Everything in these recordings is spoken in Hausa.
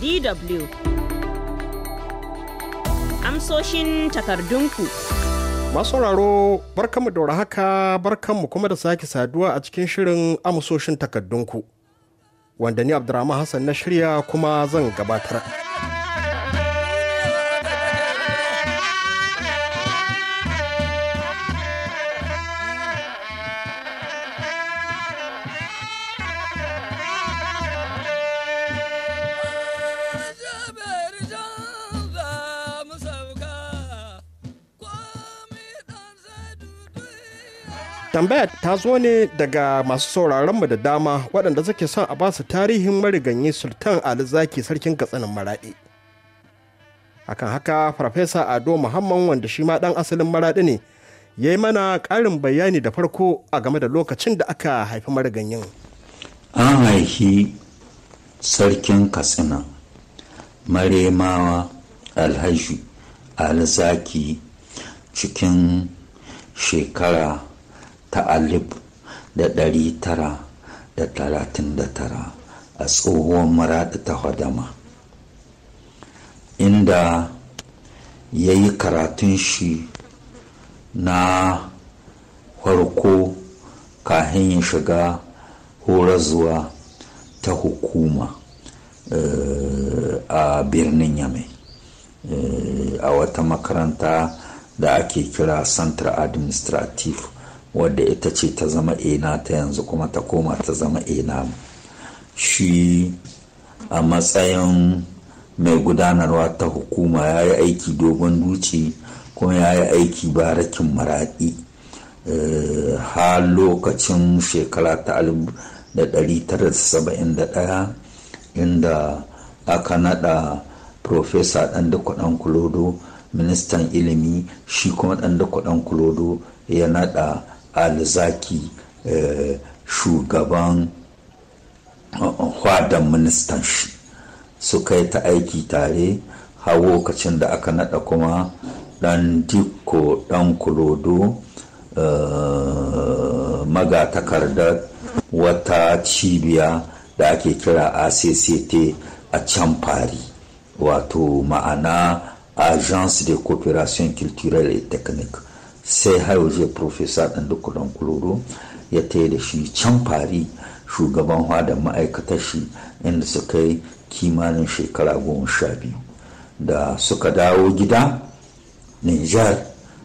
DW. Amsoshin takardunku. Masauraro barkanmu da haka barkanmu kuma da sake saduwa a cikin shirin amsoshin takardunku. Wanda ni Abdurrahman Hassan na shirya kuma zan gabatar. tambaya ta zo ne daga masu sauraron mu da dama waɗanda suke son a basu tarihin mariganyi sultan ali zaki sarkin katsinin maraɗi akan haka farfesa ado muhammad wanda shi ma ɗan asalin maraɗi ne ya yi mana ƙarin bayani da farko a game da lokacin da aka haifi mariganyin an haifi sarkin katsina maremawa alhaji alzaki cikin shekara ta alif da ɗari tara da talatin da tara a tsohuwar maraɗi ta hadama inda ya yi karatun shi na farko kahin ya shiga horazuwa ta hukuma eh, a birnin yamai eh, a wata makaranta da ake kira central administrative wadda ita ce ta zama ena ta yanzu kuma ta koma ta zama ena shi a matsayin mai gudanarwa ta hukuma ya yi aiki dogon duci kuma ya yi aiki barakin maraɗi eh, har lokacin shekara ta 1971 inda aka nada profesa ɗan kudan kulodo ministan ilimi shi kuma ɗan kudan kulodo ya nada alzaki eh, shugaban hwadan eh, ministan shi suka yi ta aiki tare har lokacin da aka nada kuma dan dikko dan kulodo eh, magatakardar wata cibiya da ake kira acct a can fari wato ma'ana agence de coopération culturelle et technique sai har jiya profesa ɗan dukkan kuloro ya taya da shi can fari shugaban da ma'aikatar shi inda suka yi kimanin shekara goma sha biyu da suka dawo gida nijar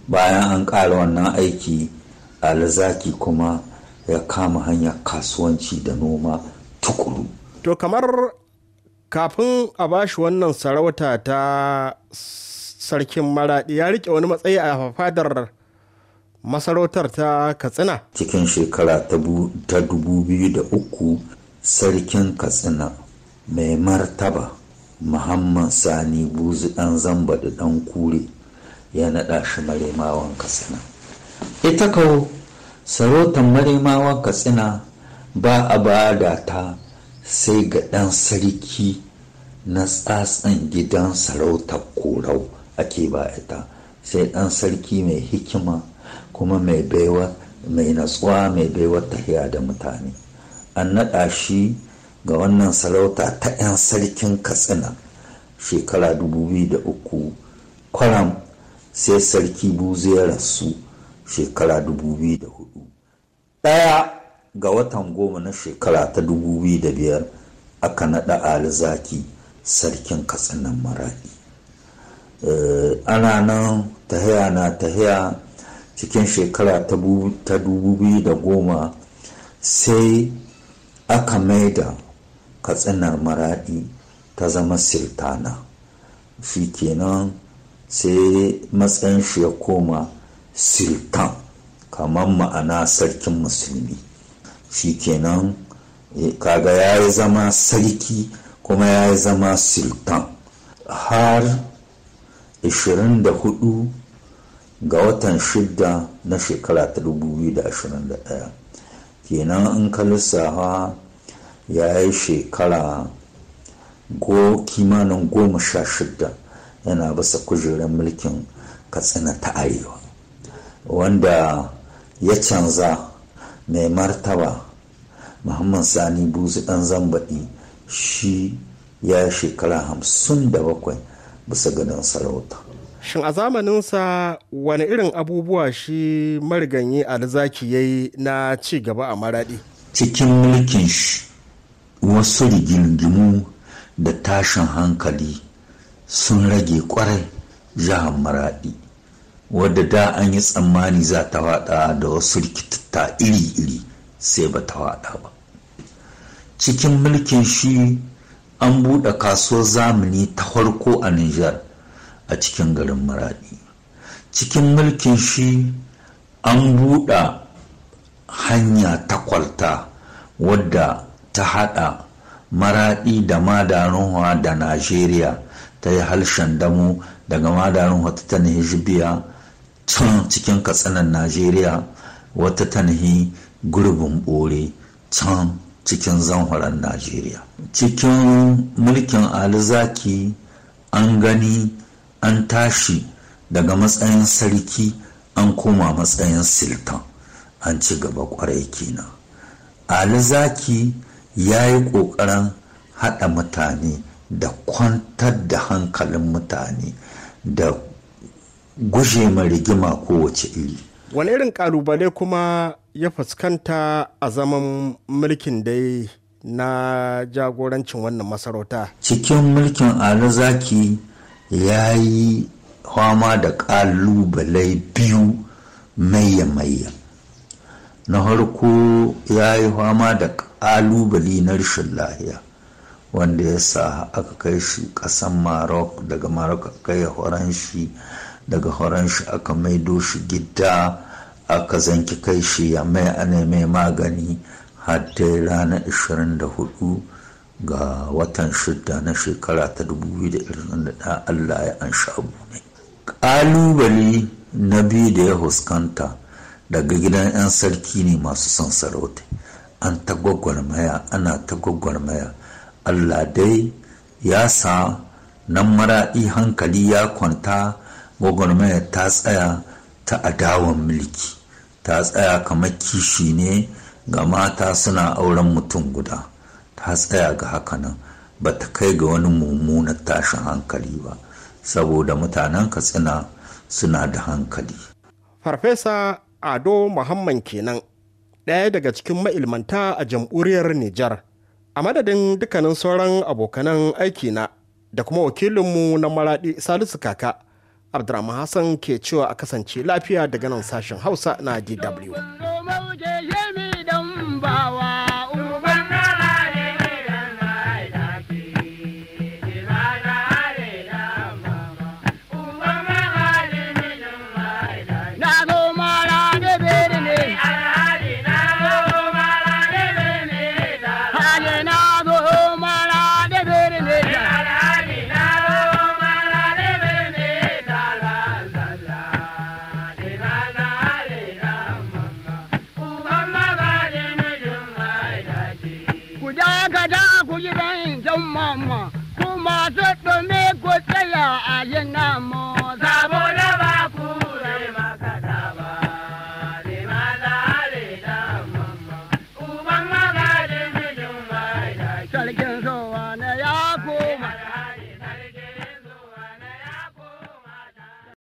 bayan an ƙara wannan aiki alzaki kuma ya kama hanyar kasuwanci da noma tukuru to kamar kafin a bashi wannan sarauta ta sarkin maraɗi ya riƙe wani matsayi a fadar masarautar ta katsina cikin shekara ta dubu biyu da uku sarkin katsina mai martaba muhammad sani buzu dan zamba da dan kure ya naɗa shi maremawan katsina ita kawo sarautar maremawan katsina ba a bada ta sai ga ɗan sarki na tsatsan gidan sarautar korau ake ba ita sai ɗan sarki mai hikima kuma mai baiwa mai natsuwa mai baiwar tahiya da mutane an naɗa shi ga wannan sarauta ta 'yan sarkin katsina shekara 2003 kwaram sai sarki buzu ya rasu shekara 2004 ɗaya ga watan goma na shekara ta 2005 aka naɗa alizaki sarkin katsinan maraɗi eh, ana nan tahiya na tahiya cikin shekara ta dubu biyu da goma sai aka maida katsinar maraɗi ta zama sultana shi kenan sai matsayin shi ya koma sultan kamar ma'ana sarkin musulmi shi kenan eh, kaga ya yi zama sarki kuma ya yi zama sultan har 24 ga watan shidda na shekara ta 2021 kenan an ka lissafa ya yi shekara go kimanin goma sha shidda yana bisa kujerar mulkin katsina ta arewa wanda ya canza mai martaba muhammad sani buzu dan zambaɗi shi ya shekara hamsin da bakwai bisa gadon sarauta shin a zamaninsa wani irin abubuwa shi mariganyi alzaki ya yi na ci gaba a maraɗi cikin mulkin shi wasu rigingimu da tashin hankali sun rage kwarai jihar maraɗi wadda da an yi tsammani za ta wada da wasu rikitatta iri-iri sai ba ta wada ba cikin mulkin shi an buɗe kasuwar zamani ta farko a Nijar a cikin garin maradi cikin mulkin shi an buɗa hanya takwalta wadda ta haɗa maraɗi da madarunwa da najeriya ta yi harshen damu daga madarunwa ta tanhi jibiya can cikin katsinan najeriya wata tanhi gurbin ɓore can cikin zanhoron najeriya cikin mulkin alizaki an gani an tashi daga matsayin sarki an koma matsayin sultan an ci gaba kwarai kenan ali zaki ya yi ƙoƙarin haɗa mutane da kwantar da hankalin mutane da guje ma rigima kowace iri wani irin ƙalubale kuma ya fuskanta a zaman mulkin dai na jagorancin wannan masarauta cikin mulkin ali zaki ya yi fama da ƙalubalai biyu maiya maiya na harko ya yi fama da ƙalubali na rashin lahiya wanda ya sa aka kai shi ƙasan marok daga marok aka kai horon shi daga horon shi aka maido shi gida aka zanki kai shi ya mai ana mai magani har ranar 24 ga watan shidda na shekara ta 2021 Allah ya anshi abu ne. Ƙalubale na biyu da ya huskanta daga gidan 'yan sarki ne masu son sarauta. An ta gwagwarmaya ana ta gwagwarmaya Allah dai ya sa nan maraɗi hankali ya kwanta gwagwarmaya ta tsaya ta adawan mulki ta tsaya kamar kishi ne ga mata suna auren mutum guda. ta tsaya ga haka nan ba ta kai ga wani mummunan tashin hankali ba saboda mutanen katsina suna da hankali farfesa ado muhammad kenan ɗaya daga cikin ma'ilmanta a jamhuriyar nijar a madadin dukkanin sauran abokanan aikina da kuma wakilinmu na maraɗi salisu kaka abdurrahman hassan ke cewa a kasance lafiya daga nan sashen hausa na dw